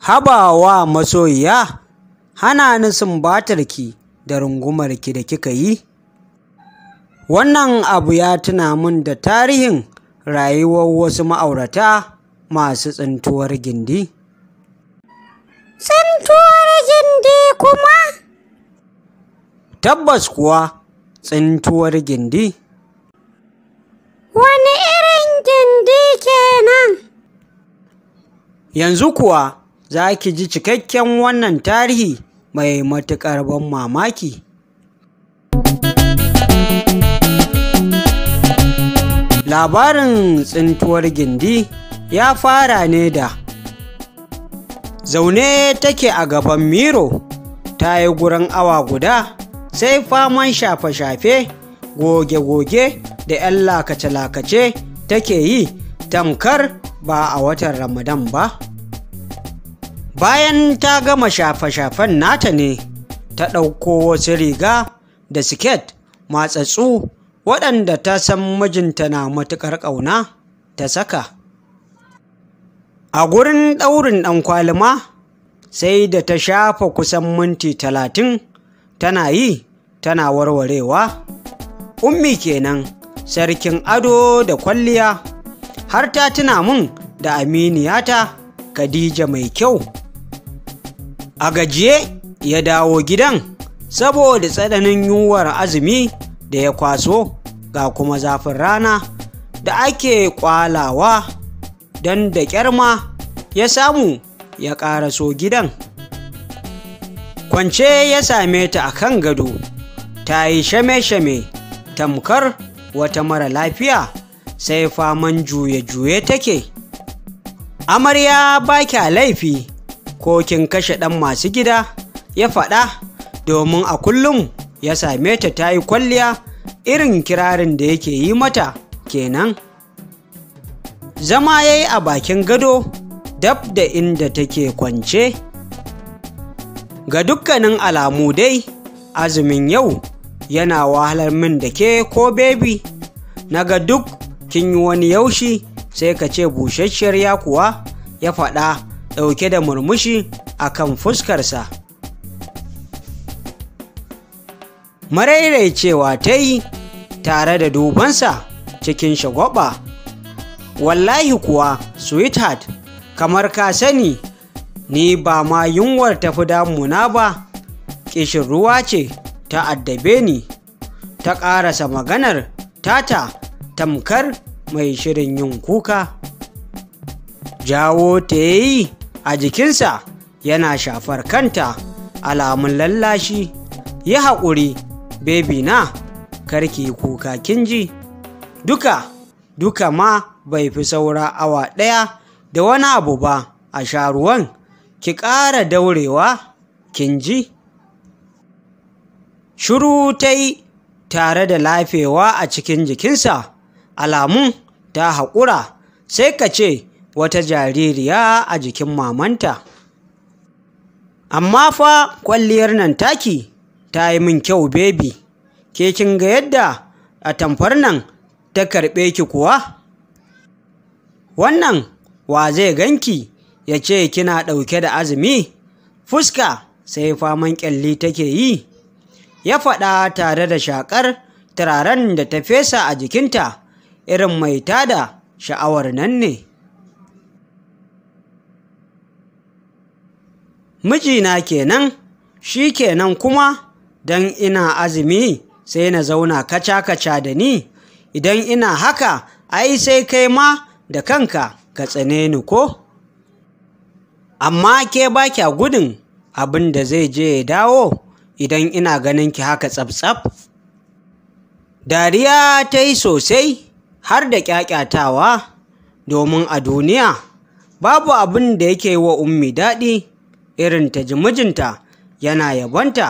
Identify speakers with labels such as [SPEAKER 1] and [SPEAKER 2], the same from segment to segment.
[SPEAKER 1] Habawa masoyiya, hana ni sumbatar ki da rungumarki da kika yi. Wannan abu ya tuna min da tarihin rayuwar wasu ma'aurata masu tsintuwar gindi. Tsintuwar gindi kuma? Tabbas kuwa tsintuwar gindi. Wani irin gindi kenan? Yanzu kuwa za ki ji cikakken wannan tarihi mai matuƙar ban mamaki. Labarin tsintuwar gindi ya fara ne da zaune take a gaban miro ta yi gurin awa guda sai faman shafe-shafe goge-goge da 'yan lakace-lakace take yi tamkar ba a watan ramadan ba. bayan ta gama shafe-shafen nata ne ta ɗauko wasu riga da siket matsatsu waɗanda ta san mijinta na matuƙar ƙauna ta saka a gurin ɗaurin ɗan kwalima sai da ta shafa kusan minti talatin tana yi tana warwarewa ummi kenan sarkin ado da kwalliya har ta tuna mun da aminiyata khadija mai kyau A gajiye ya dawo gidan saboda tsananin yunwar azumi da ya kwaso ga kuma zafin rana da ake kwalawa don da kyarma ya samu ya ƙaraso gidan. Kwance ya same ta a kan gado, ta yi shame-shame tamkar wata mara lafiya sai faman juye-juye take. Amarya ba kya laifi. ko kin kashe ɗan masu gida ya faɗa domin a kullum ya same ta ta yi kwalliya irin kirarin da yake yi mata kenan zama ya yi a bakin gado dab da inda take kwance ga dukkanin alamu dai azumin yau yana wahalar min da ke ko bebi na ga duk kin yi wani yaushi sai ka ce busasshiyar ya kuwa ya faɗa ɗauke da murmushi a kan fuskarsa Marairai cewa ta yi tare da dubansa cikin shagwaba wallahi kuwa sweetheart kamar ka sani ni ba ma yunwar tafi damuna ba ƙishin ruwa ce ta addabe ni ta ƙarasa maganar tata tamkar mai shirin yin kuka jawo ta yi a jikinsa yana shafar kanta alamun lallashi yi haƙuri bebi na karki kuka kinji duka duka ma bai fi saura awa ɗaya da wani abu ba a sha ruwan ki ƙara daurewa kin ji! Shuru ta yi tare da lafewa a cikin jikinsa alamun ta haƙura sai ka ce wata jaririya a jikin mamanta amma fa kwalliyar nan taki ta yi min kyau bebi ke kin ga yadda a tamfar nan ta karɓe ki kuwa wannan wa zai ganki ya ce kina ɗauke da azumi fuska sai faman ƙyalli take yi ya faɗa tare da shaƙar turaren da ta fesa a jikinta irin mai tada sha'awar nan ne mijina kenan shi kenan kuma don ina azumi sai na zauna kaca-kaca da ni idan ina haka ai sai kai ma da kanka ka tsane ni ko amma ke ba kya gudun abin da zai je ya dawo idan ina ganin ki haka tsaf-tsaf dariya ta yi sosai har da kyakkyatawa, domin a duniya babu abin da yake wa ummi daɗi irin ta ji mijinta yana yabonta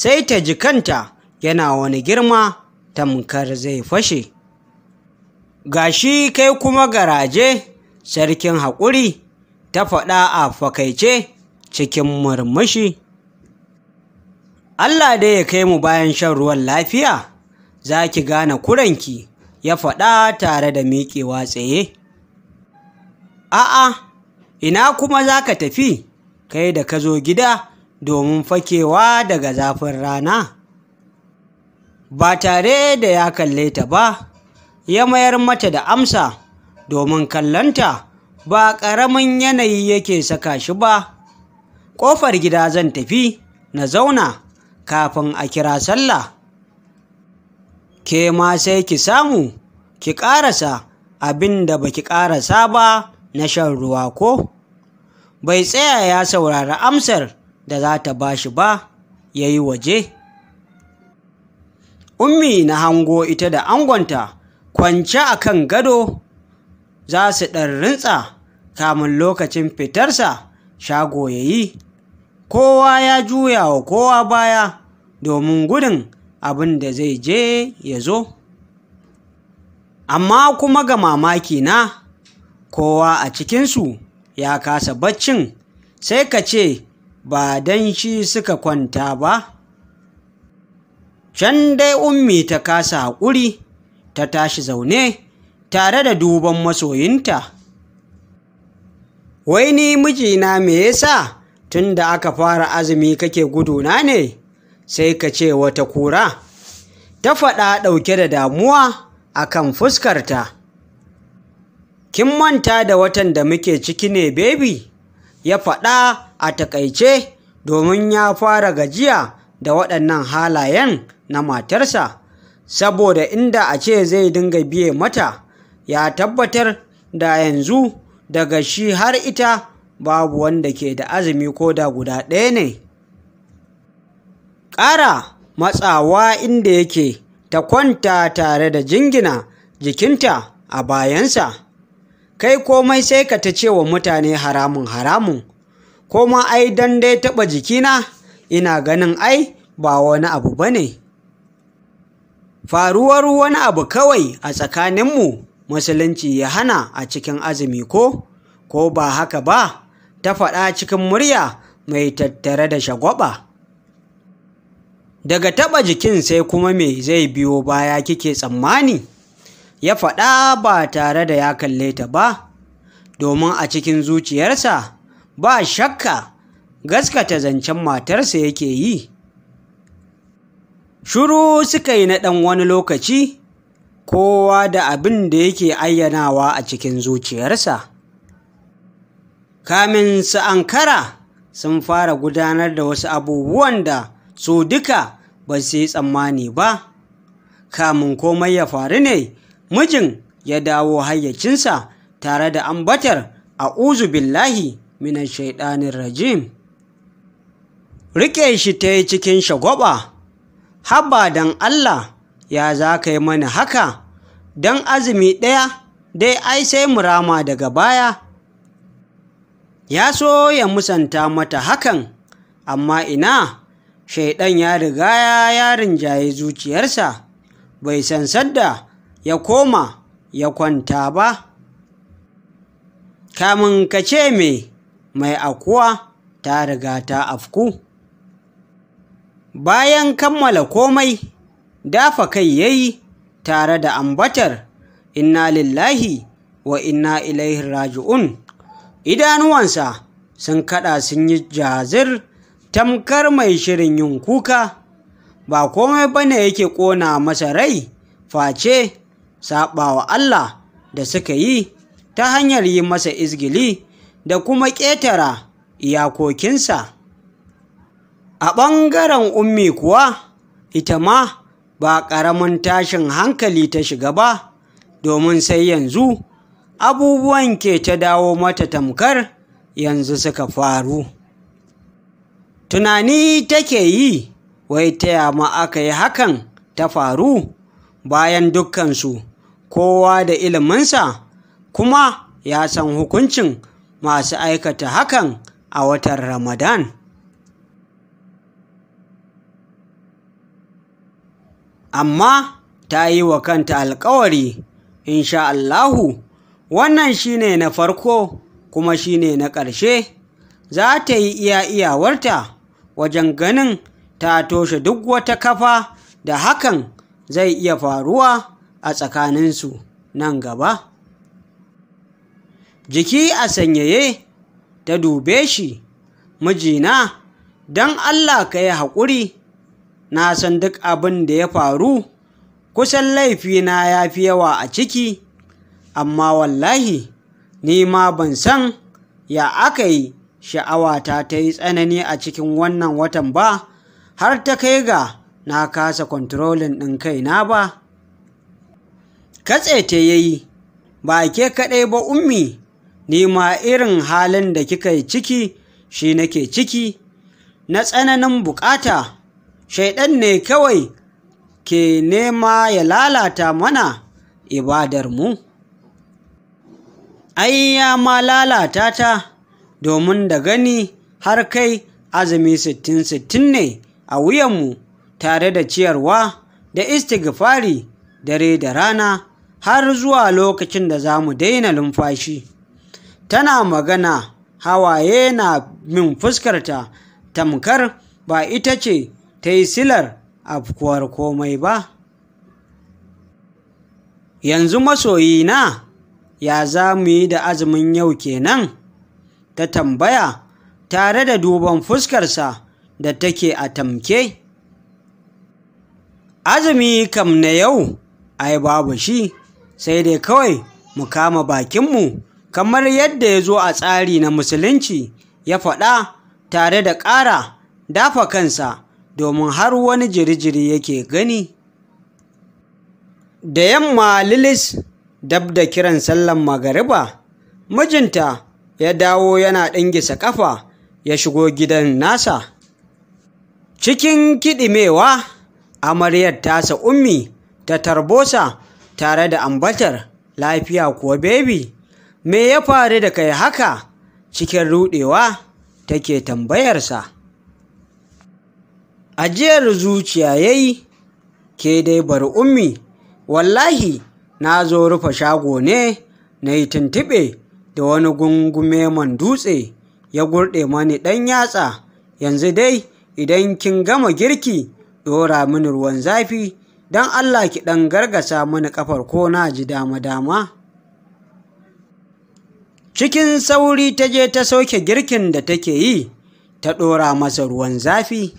[SPEAKER 1] sai ta ji kanta yana wani girma tamkar zai fashe gashi kai kuma garaje sarkin haƙuri ta faɗa a fakaice cikin murmushi Allah dai ya kai mu bayan shan ruwan lafiya za ki gane kuranki ya faɗa tare da miƙewa tsaye a'a ina kuma za ka tafi kai da ka zo gida domin fakewa daga zafin rana ba tare da ya kalle ta ba ya mayar mata da amsa domin kallonta ba ƙaramin yanayi yake saka shi ba ƙofar gida zan tafi na zauna kafin a kira sallah ke ma sai ki samu ki ƙarasa abin da ba ki ƙarasa ba na shan ruwa ko bai tsaya ya saurari amsar da za ta ba shi ba ya yi waje ummi na hango ita da angonta kwance a kan gado za su ɗan rintsa kamun lokacin fitarsa shago ya yi kowa ya juya wa kowa baya domin gudun abin da zai je ya zo amma kuma ga mamaki na kowa a cikinsu ya kasa baccin sai ka ce ba don shi suka kwanta ba can dai ummi ta kasa haƙuri ta tashi zaune tare da duban masoyinta wai ni mijina me yasa tun da aka fara azumi kake guduna ne sai ka ce wata kura ta faɗa ɗauke da damuwa akan fuskarta kin manta da watan da muke ciki ne baby ya faɗa a takaice domin ya fara gajiya da waɗannan halayen na matarsa saboda inda a ce zai dinga biye mata ya tabbatar da yanzu daga shi har ita babu wanda ke da azumi ko da guda ɗaya ne ƙara matsawa inda yake ta kwanta tare da jingina jikinta a bayansa kai komai sai ka ta ce wa mutane haramun haramun ko ma ai dan dai taɓa jikina ina ganin ai ba wani abu ba ne faruwar wani abu kawai a tsakaninmu musulunci ya hana a cikin azumi ko ko ba haka ba ta faɗa cikin murya mai tattare da shagwaba daga taɓa jikin sai kuma me zai biyo baya kike tsammani ya faɗa ba tare da ya kalle ta ba domin a cikin zuciyarsa ba shakka gaskata zancen matarsa yake yi shuru suka yi na ɗan wani lokaci kowa da abin da yake ayyanawa a cikin zuciyarsa kamin su ankara sun fara gudanar da wasu abubuwan da su duka ba su yi tsammani ba kamin komai ya faru ne mijin ya dawo hayyacinsa tare da ambatar uzu billahi minan shaiɗanin rajim riƙe shi ta yi cikin shagwaba haba don allah ya za ka yi mana haka don azumi ɗaya dai ai sai mu rama daga baya ya so ya musanta mata hakan amma ina shaiɗan ya riga ya rinjaye zuciyarsa bai san sadda ya koma ya kwanta ba kamun ka ce me mai akuwa ta riga ta afku bayan kammala komai dafa kai yayi tare da ambatar inna lillahi wa inna ilaihi raji'un idanuwansa sun kaɗa sun yi jazir tamkar mai shirin yin kuka ba komai bane yake ƙona masa rai face saɓawa Allah da suka yi ta hanyar yi masa izgili da kuma ƙetara iyakokinsa. A ɓangaren ummi kuwa, ita ma ba ƙaramin tashin hankali ta shiga ba, domin sai yanzu abubuwan ke ta dawo mata tamkar yanzu suka faru. Tunani take yi, wai taya ma aka yi hakan ta faru bayan dukkansu kowa da iliminsa kuma ya san hukuncin masu aikata hakan a watan Ramadan. Amma ta yi wa kanta alkawari, insha Allahu, wannan shine na farko kuma shine na ƙarshe, za ta yi iya iyawarta wajen ganin ta toshe duk wata kafa da hakan zai iya faruwa a tsakaninsu nan gaba jiki a sanyaye ta dube shi mijina don allah ka yi haƙuri na san duk abin da ya faru kusan laifina ya fi yawa a ciki amma wallahi ni ma ban san ya aka yi sha'awata ta yi tsanani a cikin wannan watan ba har ta kai ga na kasa kontrolin ɗin kaina ba katse ta yayi ba ke kaɗai ba ummi ni ma irin halin da kika yi ciki shi nake ciki na tsananin bukata shaidan ne kawai ke nema ya lalata mana ibadar mu ai ya ma lalata ta domin da gani har kai azumi sittin sittin ne a wuyanmu tare da ciyarwa da istighfari dare da rana har zuwa lokacin da za mu daina numfashi tana magana hawaye na min fuskarta tamkar ba ita ce ta yi silar afkuwar komai ba yanzu masoyina ya za mu yi da azumin yau kenan ta tambaya tare da duban fuskarsa da take a tamke azumi kam na yau ai babu shi sai dai kawai mu kama bakinmu kamar yadda ya zo a tsari na musulunci ya faɗa tare da ƙara dafa kansa domin har wani jiri-jiri yake gani da yamma lilis dab da kiran sallan magariba mijinta ya dawo yana ɗingisa ƙafa ya shigo gidan nasa cikin kiɗimewa amaryar tasa ummi ta tarbosa tare da ambatar lafiya kuwa bebi, me ya faru da kai haka cikin rudewa take tambayarsa ajiyar zuciya yayi ke dai bar ummi wallahi na zo rufe shago ne na yi tuntuɓe da wani gungume man dutse ya gurɗe mani ɗan yatsa yanzu dai idan kin gama girki ɗora mini ruwan zafi don Allah ki ɗan gargasa mani ƙafar ko na ji dama-dama? Cikin sauri ta je ta soke girkin da take yi, ta ɗora masa ruwan zafi.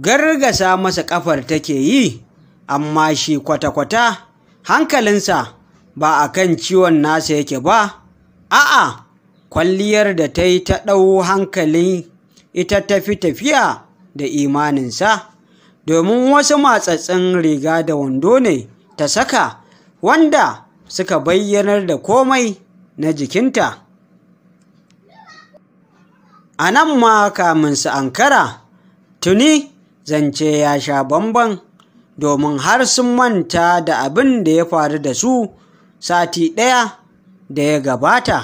[SPEAKER 1] Gargasa masa ƙafar take yi, amma shi kwata-kwata hankalinsa ba a kan ciwon nasa yake ba, a'a, kwalliyar da ta yi ta ɗau hankali ita tafi tafiya da imaninsa. domin wasu matsatsin riga da wando ne ta saka wanda suka bayyanar da komai na jikinta a nan ma kamin su ankara tuni zance ya sha bamban domin har sun manta da abin da ya faru da su sati ɗaya da ya gabata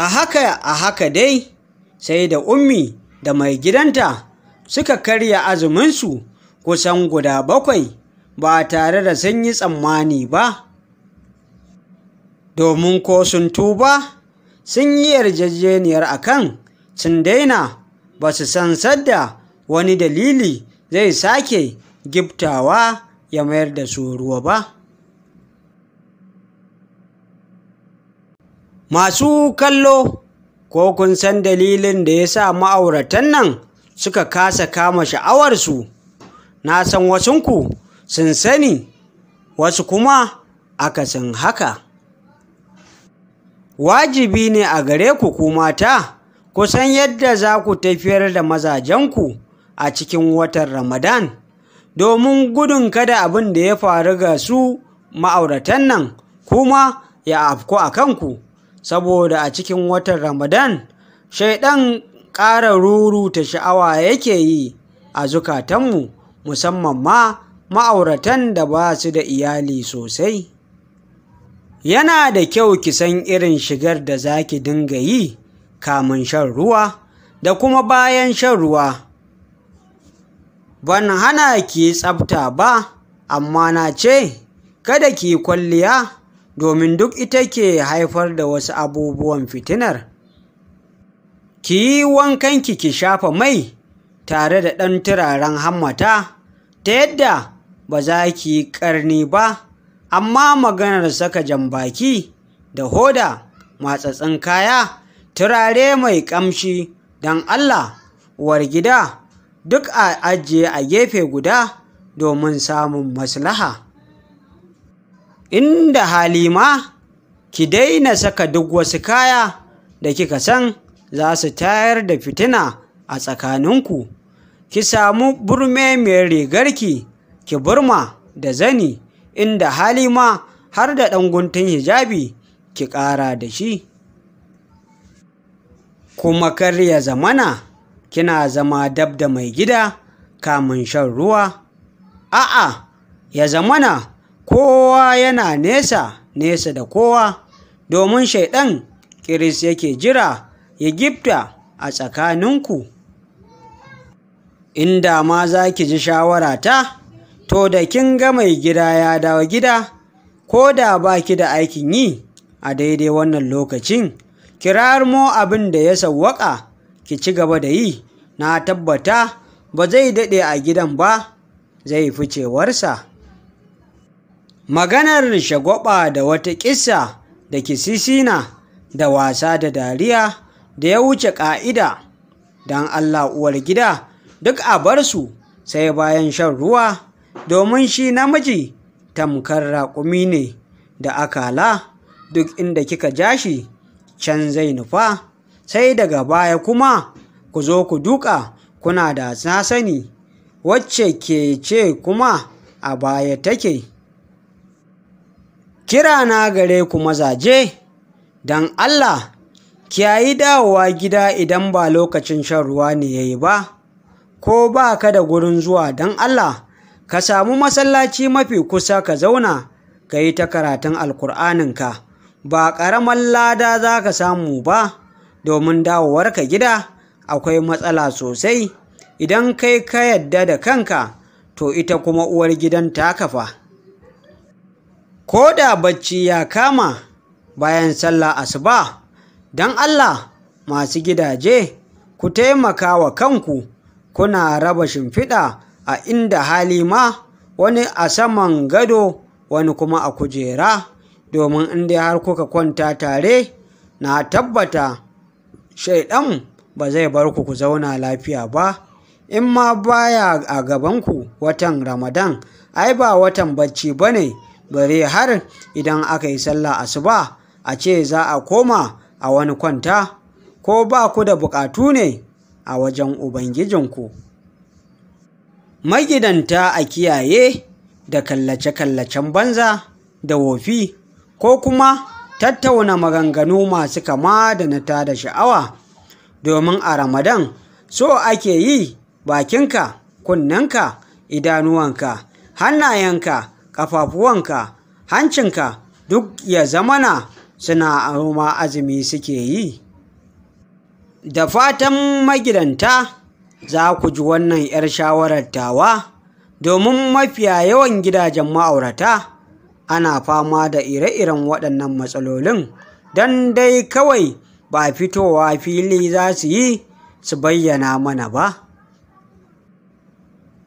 [SPEAKER 1] a haka a haka dai sai da ummi da mai gidanta suka karya azuminsu kusan guda bakwai ba tare da sun yi tsammani ba domin ko sun tuba sun yi yarjejeniyar akan sun daina ba su san sadda wani dalili zai sake giftawa ya mayar da su ruwa ba masu kallo ko kun san dalilin da ya sa ma'auratan nan suka kasa kama sha'awarsu na san wasunku sun sani wasu kuma akasin haka wajibi ne a gare ku ku mata kusan yadda za ku tafiyar da mazajenku a cikin watan ramadan domin gudun kada abin da ya faru ga su ma'auratan nan kuma ya afko a kanku saboda a cikin watan ramadan shaidan ƙara ruruta sha'awa yake yi a zukatanmu musamman ma ma'auratan da ba su da iyali sosai yana da kyau ki san irin shigar da za ki dinga yi kamun shan ruwa da kuma bayan shan ruwa ban hana ki tsafta ba amma na ce kada ki kwalliya domin duk ita ke haifar da wasu abubuwan fitinar ki yi wankanki ki shafa mai tare da ɗan turaren hammata ta yadda ba za ki yi ƙarni ba amma maganar saka jambaki da hoda matsatsin kaya turare mai ƙamshi don allah uwar gida duk a ajiye a gefe guda domin samun maslaha inda Halima ki daina saka duk wasu kaya da kika san za su tayar da fitina a tsakaninku ki samu burme mai rigarki ki burma da zani inda hali ma har da ɗanguntun hijabi ki ƙara da shi kuma karya zamana kina zama dab da mai gida kamun shan ruwa a'a ya zamana kowa yana nesa nesa da kowa domin shaidan kiris yake jira ya gifta a tsakaninku inda ma za ki ji shawara ta, to da kin ga mai gida ya dawo gida ko da ba ki da aikin yi a daidai wannan lokacin kirarmo abin da ya sawwaka ki ci gaba da yi na tabbata ba zai daɗe a gidan ba zai fi cewarsa maganar shagwaba da wata ƙissa da kisisina da wasa da dariya da ya wuce ƙa'ida don Allah uwar gida duk a bar su sai bayan shan ruwa domin shi namiji tamkar raƙumi ne da akala duk inda kika ja shi can zai nufa sai daga baya kuma ku zo ku duka kuna da sani wacce ke ce kuma a baya take kira na gare ku mazaje don Allah Kiyayi dawowa gida idan ba lokacin shan ruwa ne ya yi ba, ko ba ka da gurin zuwa don Allah, ka samu masallaci mafi kusa ka zauna ka yi ta karatun Alkur'aninka, ba ƙaramar lada za ka samu ba, domin dawowarka gida akwai matsala sosai, idan kai ka yadda da kanka, to ita kuma uwar gidan ta kafa. Ko da bacci ya kama bayan sallah asuba. don Allah masu gidaje ku taimaka wa kanku kuna raba shimfiɗa a inda hali ma wani a saman gado wani kuma a kujera domin inda har kuka kwanta tare na tabbata shaidan ba zai bar ku ku zauna lafiya ba in ma baya a gabanku watan ramadan ai ba watan bacci ba ne bare har idan aka yi sallah asuba a ce za a koma a wani kwanta, ko ba ku da bukatu ne a wajen Ubangijinku. Magidanta a kiyaye da kallace-kallacen banza da wofi, ko kuma tattauna maganganu masu kama da na tada sha'awa, domin a Ramadan so ake yi bakinka, kunnenka, idanuwanka, hannayenka, ƙafafuwanka, hancinka duk ya zamana suna noma azumi suke yi da fatan magidanta za ku ji wannan 'yar shawarar tawa domin mafiya yawan gidajen ma'aurata ana fama da ire-iren waɗannan matsalolin don dai kawai ba fitowa fili za su yi su bayyana mana ba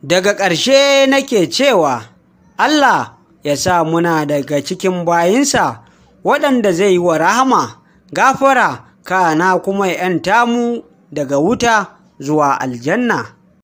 [SPEAKER 1] daga ƙarshe nake cewa allah ya sa muna daga cikin bayinsa waɗanda zai yi wa rahama gafara kana kuma 'yan ‘yanta mu daga wuta zuwa aljanna